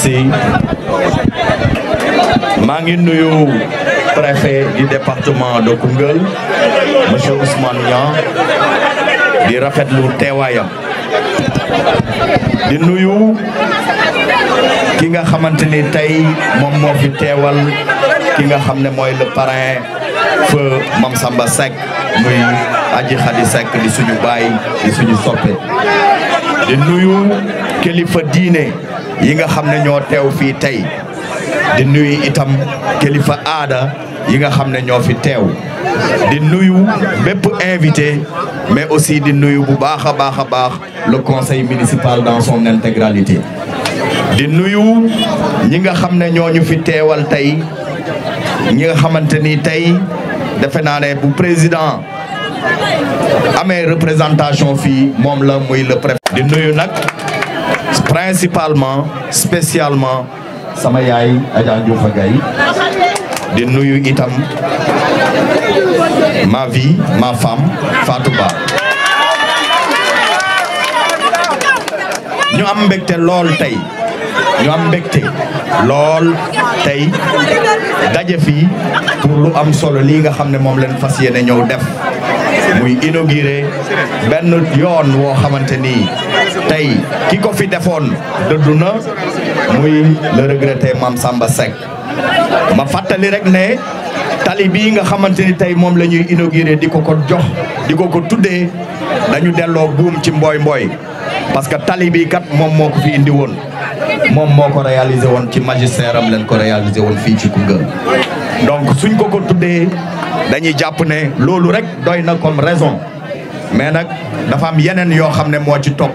si mangin nuyu préfet du département de Koungheul monsieur Ousmane Nyan, di lu tewayam. di nuyu ki nga xamanteni tay mom mo fi tewal ki nga xamne ne le parrain fe mam Samba sek muy Adji khadi sek di suñu baay di suñu soppé di nuyu kelifa diiné yi nga xam ño tew fi tay di nuyu itam kilifa ada yi nga xam ño fi tew di nuyu bépp invité mais aussi di nuyu bu baakha baakha baax le conseil municipal dans son intégralité di nuyu ñi nga xam ne ñu fi téwal tay ñi nga xamanteni tay tey naalé bu président amé représentation fi mom la muy le préfet di nuyu nak principalement specialement sama yaay Adja Ndioufa Gaye di nuyu itam ma vie ma femme Fatou ñu am mbégte lool tey ñu am mbégte lool tey daje fii pour lu am solo lii nga xam ne moom leen fas yéene ñëw def muy inauguré benn yoon woo xamante nii tey ki ko fi defoon dëddu na muy le regretté Mame Samba Seck ma fàttali rek ne tali bii nga xamante ni tey moom la ñuy inauguré di ko ko jox di ko ko tuddee dañu delloo buum ci mbooy mbooy parce que tali bii kat moom moo ko fi indi woon moom moo ko réalisé woon ci magistère am leen ko réalisé woon fii ci Koungheul donc suñ ko ko tuddee dañuy jàpp ne loolu rek doy na comme raison mais nag dafa am yeneen yoo xam ne moo ci topp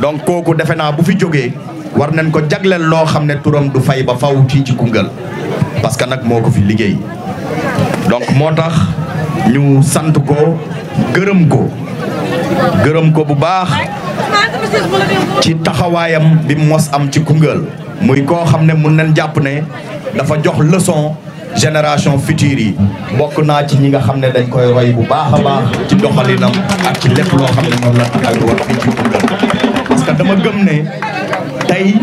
donc kooku defe naa bu fi jógee war nañ ko jagleel loo xam ne turam du fay ba faw fii ci Koungheul parce que nag moo ko fi liggéey donc moo tax ñu sant ko gërëm ko gërëm ko bu baax ci taxawaayam bi mos am ci Koungheul muy koo xam ne mun nañ jàpp ne dafa jox leçon génération future yi bokk naa ci ñi nga xam ne dañ koy roy bu baax a baax ci doxalinam ak ci lépp loo xam ne moom la taxawee woon fii ci Koungheul parce dama gëm ne tey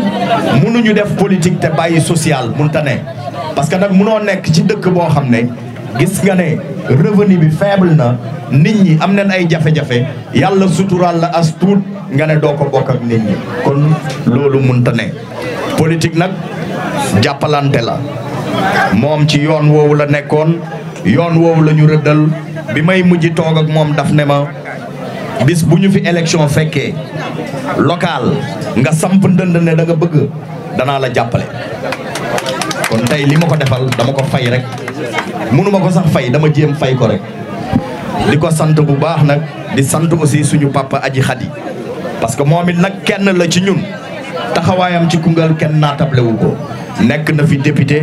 mënuñu def politique te bàyyi social mënta ne parce que nag mënoo nekk ci dëkk boo xam ne gis nga ne revenu bi faible na nit ñi am nañ ay jafe-jafe yàlla suturaal la as tuut nga ne doo ko bokk ak kon loolu mënta ne politique nag jàppalante la moom ci yoon woowu la nekkoon yoon woowu la ñu rëddal bi may mujj toog ak moom daf ne ma bis bu ñu fi élection fekkee local nga samp ndënd ne da nga bëgg danaa la jàppale kon tey li ma ko defal dama ko fay rek mënuma ko sax fay dama jéem fay ko rek di ko sant bu baax nag di sant aussi suñu papa aji xadi parce que moom it nag kenn la ci ñun taxawaayam ci Koungheul kenn naatable wu ko nekk na fi député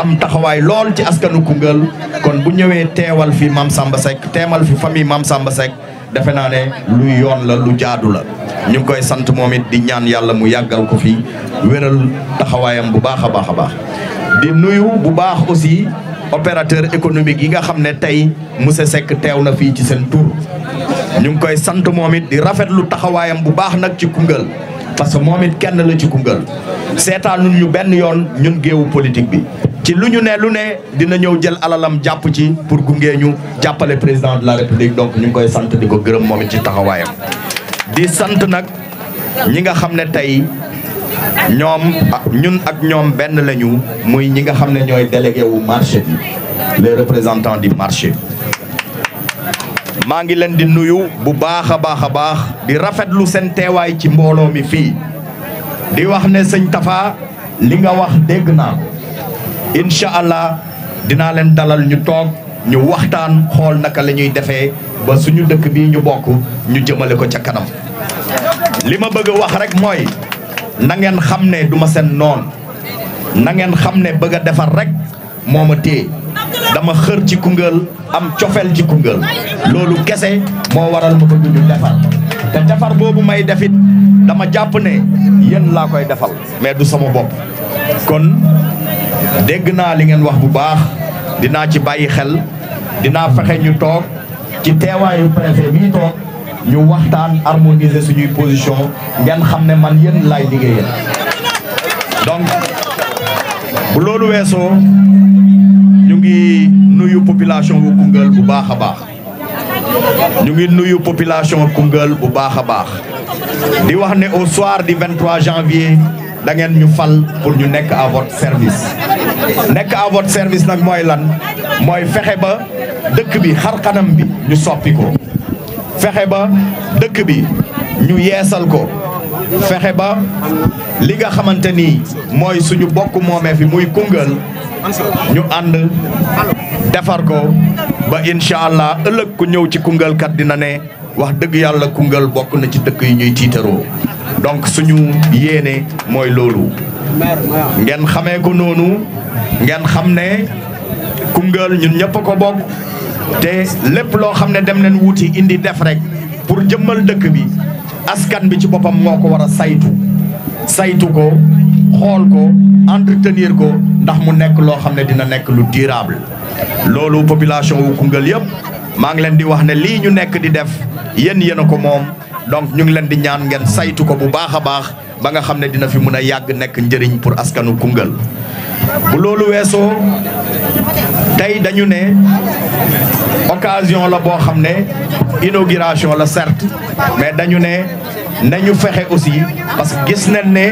am taxawaay lool ci askanu Koungheul kon bu ñëwee teewal fi Mame Samba Seck teemal fi famille Mame Samba Seck defe naa ne luy yoon la lu jaadu la ñu ngi koy sant moom it di ñaan yàlla mu yàggal ko fi wéral taxawaayam bu baax a baax a baax di nuyu bu baax aussi opérateur économique yi nga xam ne tey monsieur Seck teew na fii ci seen tur ñu ngi koy sant moomit it di rafetlu taxawaayam bu baax nag ci Koungheul parce que moom it kenn la ci Koungheul seetaanuñ ñu benn yoon ñun géewu politique bi ci lu ñu ne lu ne dina ñëw jël alalam jàpp ci pour gunge ñu jàppale président de la république donc ñu ngi koy sant di ko gërëm moom ci taxawaayam. di sant nag ñi nga xam ne tey ñoom ñun ak ñoom benn lañu muy ñi nga xam ne ñooy délégué wu marché bi les représentants du marché. maa ngi leen di nuyu bu baax a baax a baax di rafetlu seen teewaay ci mbooloo mi fii di wax ne sëñ Tafa li nga wax dégg naa incha allah dinaa leen dalal ñu toog ñu waxtaan xool naka la ñuy defee ba suñu dëkk bi ñu bokk ñu jëmale ko ca kanam li ma bëgg a wax rek mooy na ngeen xam ne duma seen noon na ngeen xam ne bëgg a defar rek moo ma téye dama xër ci Koungheul am cofeel ci Koungheul loolu kese moo waral ma bëgg ñu defar te defar boobu may defit dama jàpp ne yéen laa koy defal mais du sama bopp kon degg na li ngeen wax bu baax dina ci bayyi xel dina fexe ñu tok ci téwaayu préfet mi tok ñu waxtaan harmoniser suñu position ngeen xam man yeen lay liggéeyal donc bu lolu wesso ñu ngi nuyu population bu kungal bu baaxa baax ñu ngi nuyu population kungal bu baaxa baax di wax ne au soir du 23 janvier da ngeen ñu fal pour ñu nek à votre service nekk à votre service nag mooy lan mooy fexe ba dëkk bi xar kanam bi ñu soppi ko fexe ba dëkk bi ñu yeesal ko fexe ba li nga xamante ni mooy suñu bokk moomee fi muy Koungheul ñu ànd defar ko ba incha allah ëllëg ku ñëw ci Koungheul kat dina ne wax dëgg yàlla Koungheul bokk na ci dëkk yi ñuy tiitaroo donc suñu yéene mooy loolu ngeen xamee ko noonu ngeen xamne ne Koungheul ñun ñepp ko bok té lepp lo xamne dem nañ wuti indi def rek pour jëmmal dëkk bi askan bi ci bopam moko wara saytu saytu ko xol ko entretenir ko ndax mu nekk lo xamne ne dina nekk lu durable lolu population wu Koungheul yëpp ma ngi di wax ne li ñu nekk di def yéen yeno komom ko mom donc ñu ngi leen di ñaan ngeen saytu ko bu baaxa baax ba nga xamne ne dina fi mëna yag nekk njëriñ pour askanu bu loolu weesoo tey dañu ne occasion la boo xam ne inauguration la certes mais dañu ne nañu fexe aussi parce que gis nañ ne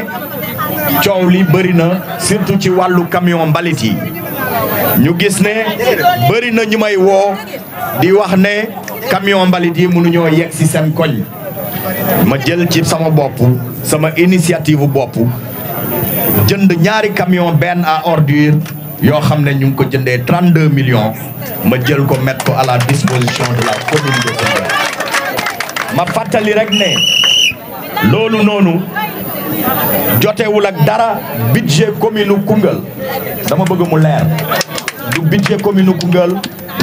coow li bëri na surtout ci wàllu camion mbalit yi ñu gis ne bëri na ñu may woo di wax ne camion mbalit yi mënuñoo yegg ci seen koñ ma jël ci sama bopp sama initiative bopp jënd ñaari camion ben à ordure yo xamné ñu 32 millions ma jël mettre à la disposition de la commune de Koungheul ma que, rek ne nonu wul ak dara budget commune dama bëgg mu du budget commune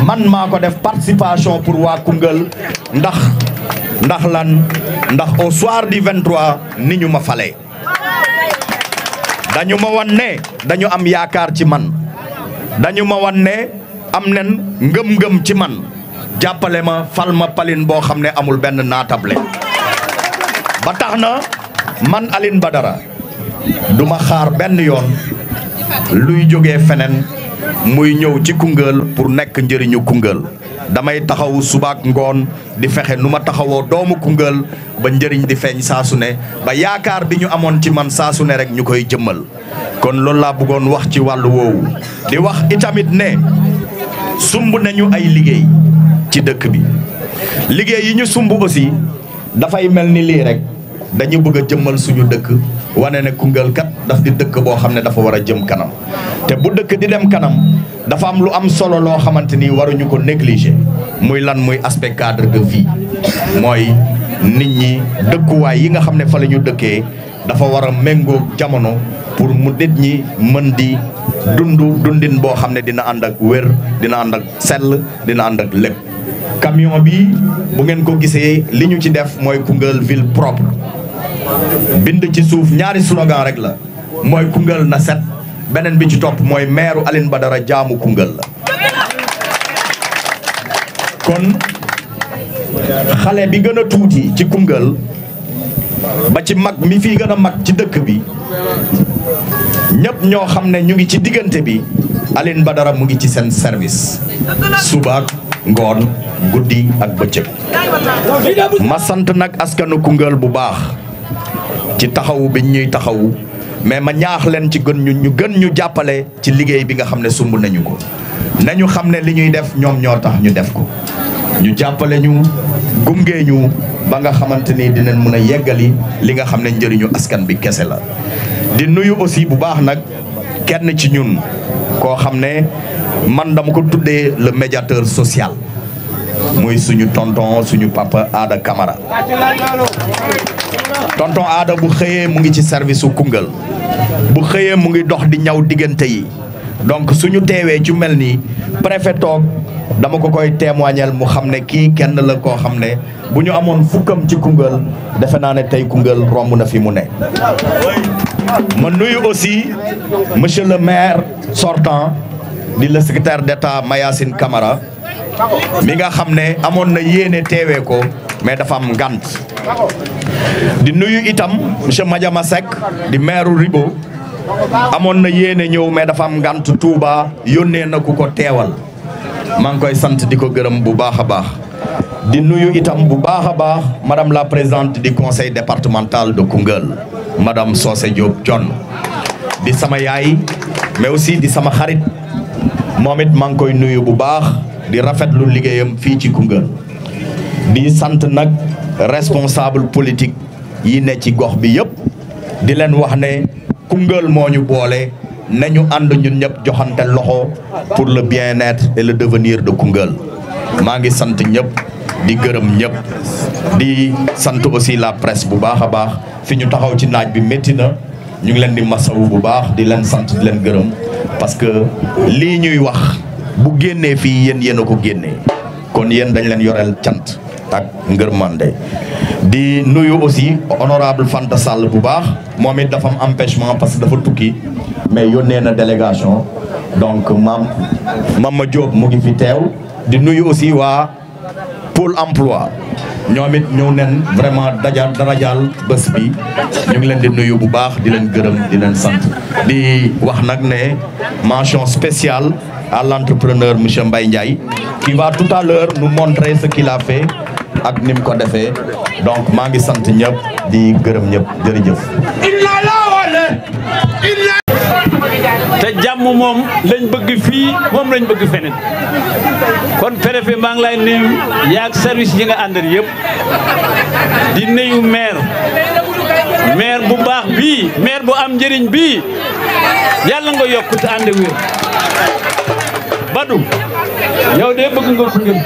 man mako def participation pour wa Koungheul ndax ndax lan au soir du 23 ni ma dañu ma wan ne dañu am yaakaar ci man dañu ma wan ne am nen ngëm-ngëm ci man jàppale ma fal ma palin boo xam ne amul benn naatable ba tax na man Alioune Badara du ma xaar benn yoon luy jóge feneen muy ñëw ci Koungheul pour nekk njëriñu Koungheul damay taxawu subaak ngoon di fexe nu ma taxawoo doomu Koungheul ba njëriñ di feeñ saasu ne ba yaakaar bi ñu amoon ci man saasu ne rek ñu koy jëmmal kon loolu laa bëggoon wax ci wàllu woowu di wax itamit ne sumb nañu ay liggéey ci dëkk bi liggéey yi ñu sumb aussi dafay mel ni lii rek dañu bëgg a jëmmal suñu dëkk wane ne Koungheul kat daf di dëkk boo xam ne dafa war a jëm kanam te bu dëkk di dem kanam dafa am lu am solo loo xamante ni waruñu ko négliger muy lan muy aspect cadre de vie mooy nit ñi dëkkuwaay yi nga xam ne fa lañu dëkkee dafa war a méngoo jamono pour mu nit ñi mën di dund dundin boo xam ne dina ànd ak wér dina ànd ak sell dina ànd ak lépp camion bi bu ngeen ko gisee li ñu ci def mooy Koungheul ville propre bind ci suuf ñaari slogan rek la mooy Koungheul na set beneen bi ci topp mooy alin ba dara jaamu Koungheul la kon xale bi gën a tuuti ci Koungheul ba ci mag mi fi gën a mag ci dëkk bi ñépp ñoo xam ne ñu ngi ci diggante bi ba dara mu ngi ci seen service suba ak ngoon guddi ak bëccëg ma sant nag askanu Koungheul bu baax ci taxawu bi ñuy taxawu mais ma ñaax leen ci gën ñu ñu gën ñu jàppale ci liggéey bi nga xam ne sumb nañu ko nañu xam ne li ñuy def ñoom ñoo tax ñu def ko ñu jàppale ñu gungee ñu ba nga xamante ni dinañ mën a yeggali li nga xam ne njëriñu askan bi kese la di nuyu aussi bu baax nag kenn ci ñun koo xam ne man dama ko tuddee le médiateur social muy suñu tonton suñu papa Ada Camara tonton ada bu xeye mu ngi ci service su Koungheul bu xeye mu ngi dox di ñaw digënté yi donc suñu téwé ci melni préfet tok dama ko koy témoignal mu xamné ki kenn la ko xamné ne bu ñu amoon fukkam ci kungal defe naa ne tey Koungheul romb na fi mu ne ma nuyu aussi monsieur le maire sortant di le secrétaire d'État kamara mi nga xamné amone na yéné téwé ko mais dafa am gante di nuyu itam monsieur Madiama Seck di maire Ribo amoon na yéene ñëw mais dafa am ngànt Touba yónnee na ku ko teewal maa ngi koy sant di ko gërëm bu baax a baax di nuyu itam bu baax a baax madame la présidente du conseil départemental de Koungheul madame Socé Diop John di sama yaay mais aussi di sama xarit moom it maa ngi koy nuyu bu baax di rafetlu liggéeyam fii ci Koungheul di sant nag responsable politique yi ne ci gox bi yëpp di leen wax ne Koungheul moo ñu boole nañu ànd ñun ñëpp joxante loxo pour le bien-être et le devenir de Koungheul maa ngi sant ñëpp di gërëm ñëpp di sant aussi la presse bu baax a baax fi ñu taxaw ci naaj bi métti na ñu ngi leen di masawu bu baax di leen sant di leen gërëm parce que lii ñuy wax bu génnee fii yéen yéen a ko génnee kon yéen dañ leen yoreel cant ak ngërmande di nuyu aussi honorable Fanta Sall bu baax momit dafa am empêchement parce que dafa tukki mais yónnee na délégation donc mam Mama job mu ngi fi tew di nuyu aussi wa pôle emploi ñomit it nen vraiment daja darajaal bés bi ñu ngi leen di nuyu bu baax di leen gërëm di leen sant di wax nak né mention spéciale à l'entrepreneur monsieur Mbaye Ndiaye qui va tout à l'heure nous montrer ce qu'il a fait ak nim ko defé donc ma ngi sante ñep di gërëm ñëpp jërëjëf te jamm mom lañ bëgg fi mom lañ bëgg fenen kon préfet ma ngi lay nuyu yaak service yi nga andal yëp di nuyu maire maire bu baax bi maire bu am jëriñ bi yalla nga yokku ta andé wér badu yow de bëgg nga ko ngëm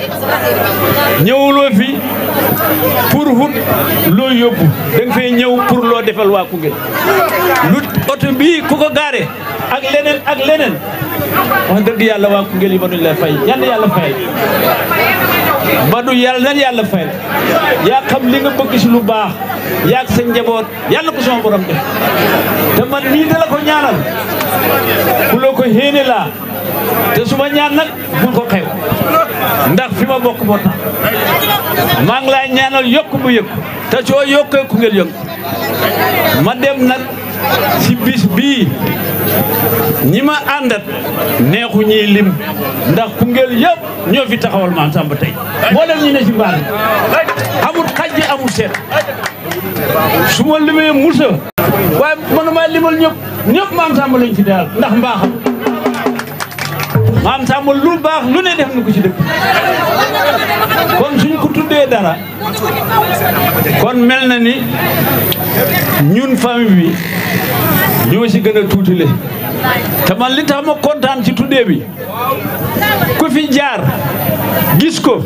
ñëwuloo fi pour yóbbu da nga fay ñëw pour loo defal waa Koungheul lu oto bii ku ko gaare ak leneen ak leneen wax dëgg yàlla waa Koungheul yi mënuñ la fay yal yàlla fay Badou yàlla na yàlla fay yaa xam li nga bëgg si baax yaa sa yàlla ko sama borom def te man nii ko ñaanal ku la ko héene laa te su ma ñaan nag bul ko xew ndax fi ma bokk moo tax maa ngi lay ñaanal yokk bu yëg te soo yokkee ku ngeen ma dem nag si bis bii ñi ma àndat neexu ñiy lim ndax Koungheul yëpp ñoo fi taxawal Maam Samba tey mboolem ñi ne si mbaar amul xajji amul seet su ma limee Moussa waaye mënumaa limal ñëpp ñëpp Maam Samba lañ ci daal ndax mbaaxam Mam Samba lu bax lu ne def na ci dëkk kon suñ ko tuddé dara kon mel ni ñun fami bi ñoo ci gëna tutulé ta man li tax ma contane ci tuddé bi ku fi jaar gis ko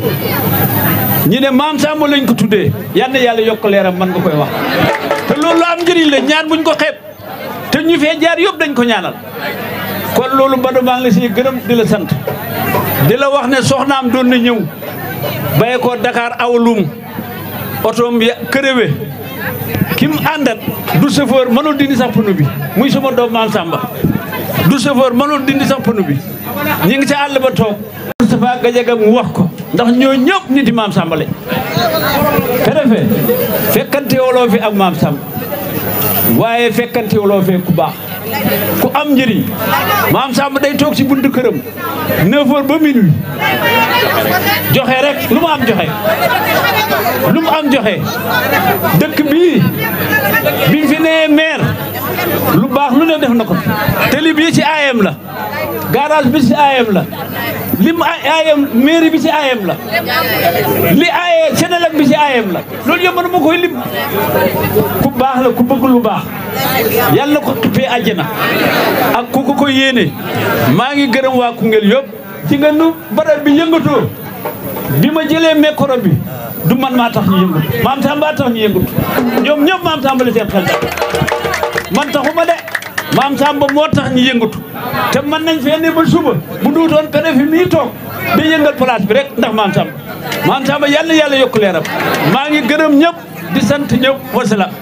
ñi ne mam Samba lañ ko tuddé yalla yalla yok léram man nga koy wax te loolu am jëriñ la ñaan buñ ko xeeb te ñu fee jaar yëpp dañ ko ñaanal kon lolu Mbadou ma ngi la siy di la sant di la wax ne soxnam doon ni ñew baye ko Dakar awlum otoom ya këréwe ki mu du chauffeur mënul dindi sax pneu bi muy sama do ma Samba du chauffeur mënul dindi sax pneu bi ñi ngi ci all ba toog Moustapha Gadiaga mu wax ko ndax ñoo ñep nit imam Samba lañ kërefé fekkante wolo fi ak Samba waye fekkante wolo ku baax ku am njëriñ maam Samba day toog ci buntu këram 9h ba minuit joxe rek lu mu am joxe lu mu am joxe dëkk bii bi fi nee maire lu baax lu ne def na ko tali bii ci ayam la garage bi ci ayam la lim ayam mairie bi ci ayam la li aye Sénélec bi ci ayam la loolu yëpp mën ma koy lim ku baax la ku bëgg lu baax yàlla ko xippee àjjana ak ku ko ko yéene maa ngi gërëm waa Koungheul yëpp ci nga nu barab bi yëngatoo bi ma jëlee micro bi du man maa tax ñu yëngatu maam Tamba tax ñu yëngatu ñoom ñëpp maam Tamba seen xel man taxuma de maam Samba moo tax ñu yëngatu te man nañ fee ne ba suba bu duutoon ka fi mii toog di yëngal place bi rek ndax maam Samba maam Samba yàlla na yàlla yokk leeram maa ngi gërëm ñëpp di sant ñëpp wasalaam.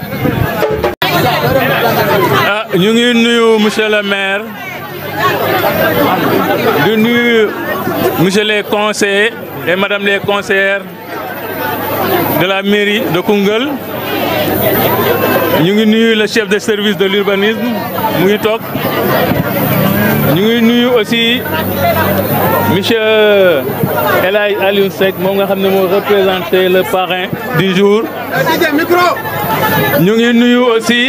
ah ñu ngi nuyu monsieur le maire di nuyu monsieur les conseillers et madame les conseillères de la mairie de Koungheul. nous sommes le chef de service de l'urbanisme mu nous toog ñu aussi monsieur Elay Alunsek Alioune Seck moom représenté le parrain du jour nous sommes aussi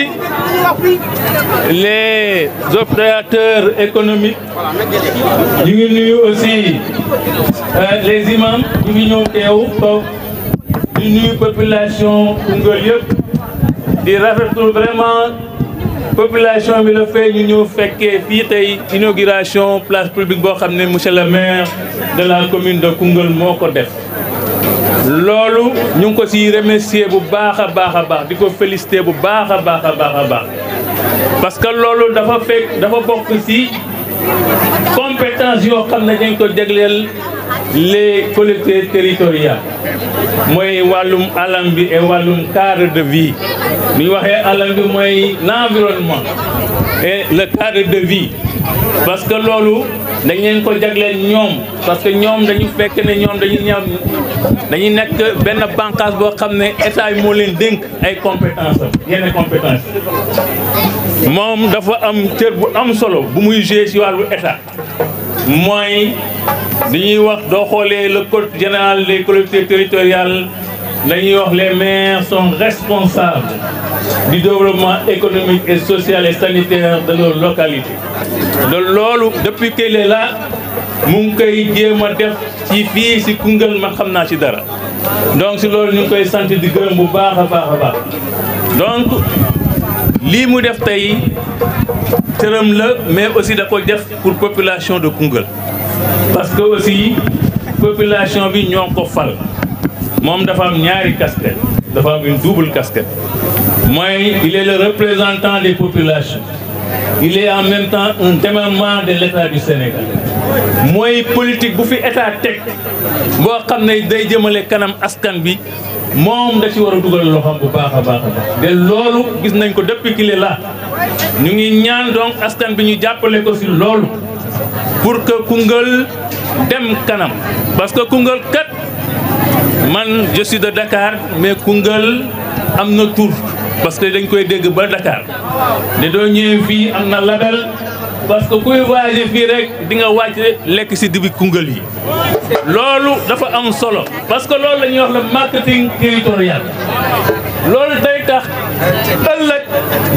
les opérateurs économiques nous sommes aussi euh, les imams Nous ngi ñëw nous population congolienne di rafetlu vraiment population bi la fee ñu ñëw fekkee fii inauguration place publique bo xamné monsieur le maire de la commune de Koungheul moko def. lolu ñu ko ci remercier bu baax a baax diko féliciter bu baax a baax baax parce que lolu dafa fekk dafa bok ci compétence yo xam ne dañ ko jagleel les collectivités territoriales. mooy wàllum alam bi et wàllum cadre de vie bu ñu waxee alam bi mooy l'environnement et le cadre de vie parce que loolu dañ leen ko jagleel ñoom parce que ñoom dañu fekk ne ñoom dañu ñam dañu nekk benn bànqaas boo xam ne état yi moo leen dénk ay compétence yenn moom dafa am cër bu am solo bu muy jouer ci wàllu état moi, le code général des collectivités territoriales les maires sont responsables du développement économique et social et sanitaire de nos localités. depuis qu'elle est là ma donc si lolu ñu koy di gërëm bu donc Limu def tay teureum le mais aussi da ko def pour population de Congo, parce que aussi population bi ñoo ko fal moom dafa am ñaari casquette dafa am une double casquette moy il est le représentant des populations il est en même temps un témoin de l'État du Sénégal suis politique bu fi état tek je xamné ne day jëmale kanam askan bi mom da ci war duggal loxam bu baaxa baaxa de a gis nañ ko depuis qu'il est là ñu ngi ñaan donc askan bi ñu jappalé ko ci loolu pour que kungal dem kanam parce que kungal kat man je suis de Dakar mais kungal amna tour parce que dañ koy dégg ba Dakar né do ñëw fi amna label parce que kuy voyager fi rek di nga wacc lek ci dibi kungal yi loolu dafa am solo parce que loolu la ñuy wax le marketing territorial loolu day tax ëllëg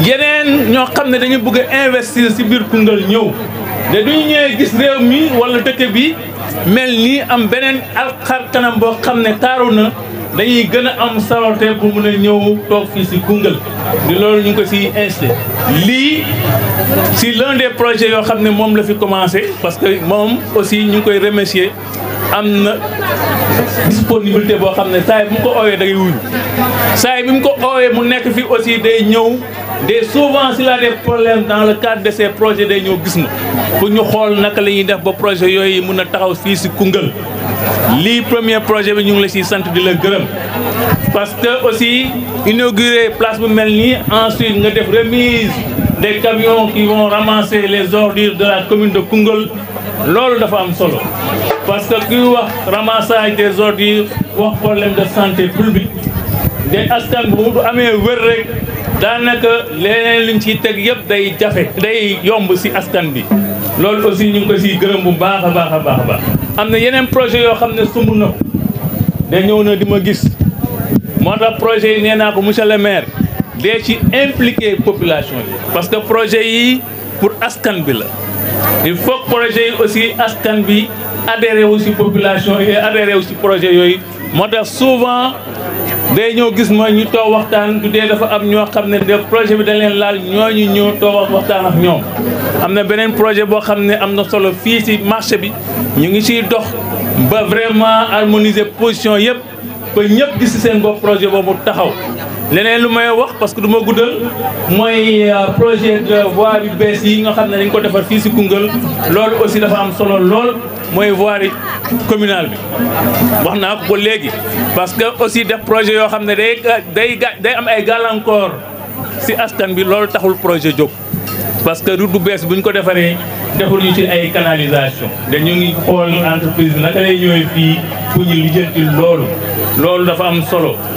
yeneen ñoo xam ne dañuy bëgg a investir ci biir Koungheul ñëw te duñu ñëwee gis réew mi walla dëkk bi mel nii am beneen alxar kanam boo xam ne taaru na dañuy gën a am sawarte pour mun a ñëw toog fii ci Koungheul di loolu ñu ngi ko ciy incité lii ci l'un des projets yoo xam ne moom la fi commencé parce que moom aussi ñu ngi koy remercier am na disponibilité boo xam ne saa yi bu mu ko oowee da ngay wuyu saa yi bi mu ko oowee mu nekk fii aussi day ñëw. Des souvent s'il a des problèmes dans le cadre de ces projets de ñëw n'a pour ñu xol naka la def ba projet yoy yi mëna taxaw fi ci Koungheul li premier projet bi ñu ngi la ci sant la gërëm parce que aussi inaugurer place bu melni ensuite nga def remise des camions qui vont ramasser les ordures de la commune de Koungheul lors dafa am solo parce que ramasser des ordures wax problème de santé publique des askan bu amé wër rek daanaka leneen liñ ciy teg yëpp day jafe day yomb si askan bi loolu aussi ñu ngi ko siy gërëm bu baax a baax a baax a baax am na yeneen projet yoo xam ne sumb na ko da ñëw na di ma gis moo tax projet yi nee naa ko monsieur le maire dee ci impliqué population yi parce que projet yi pour askan bi la il faut projet yi aussi askan bi adhéré aussi population yi adhéré aussi projet yooyu moo tax souvent day ñëw gis ma ñu toog waxtaan du dee dafa am ñoo xam ne de projet bi dañ leen laal ñu ñëw toog waxtaan ak ñoom am na beneen projet boo xam ne am na solo fii ci marché bi ñu ngi ciy dox ba vraiment harmoniser position yëpp ba ñëpp gis ci seen bopp projet boobu taxaw leneen lu may wax parce que du ma guddal mooy euh, projet de voirie bees yi nga xam ne dañ ko defar fii si Koungheul loolu aussi dafa am solo lool mooy voirie communale bi wax naa ko léegi parce que aussi def projet yoo xam ne day day day am ay gàllankoor si askan bi loolu taxul projet jóg parce que route bu bees bu ko defaree deful ñu ci ay canalisation dañu ngi xool entreprise bi lay ñëwee fii pour ñu lijjanti loolu loolu dafa am solo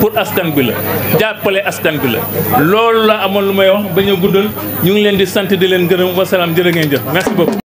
pour askan bi la jàppale askan bi la loolu la amoon lu may wax bañ a guddal ñu ngi leen di sant di leen gërëm wasalaam jërë ngeen jëf merci beaucoup